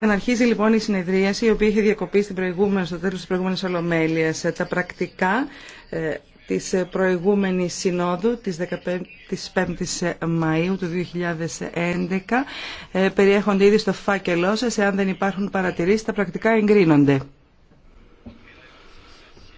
Αναρχίζει λοιπόν η συνεδρίαση η οποία είχε διακοπεί στην προηγούμενη, στο τέλος της προηγούμενης Ολομέλειας. Τα πρακτικά ε, της προηγούμενης συνόδου της, 15, 5ης Μαΐου του 2011 ε, περιέχονται ήδη στο φάκελό σας. Εάν δεν υπάρχουν παρατηρήσεις τα πρακτικά εγκρίνονται.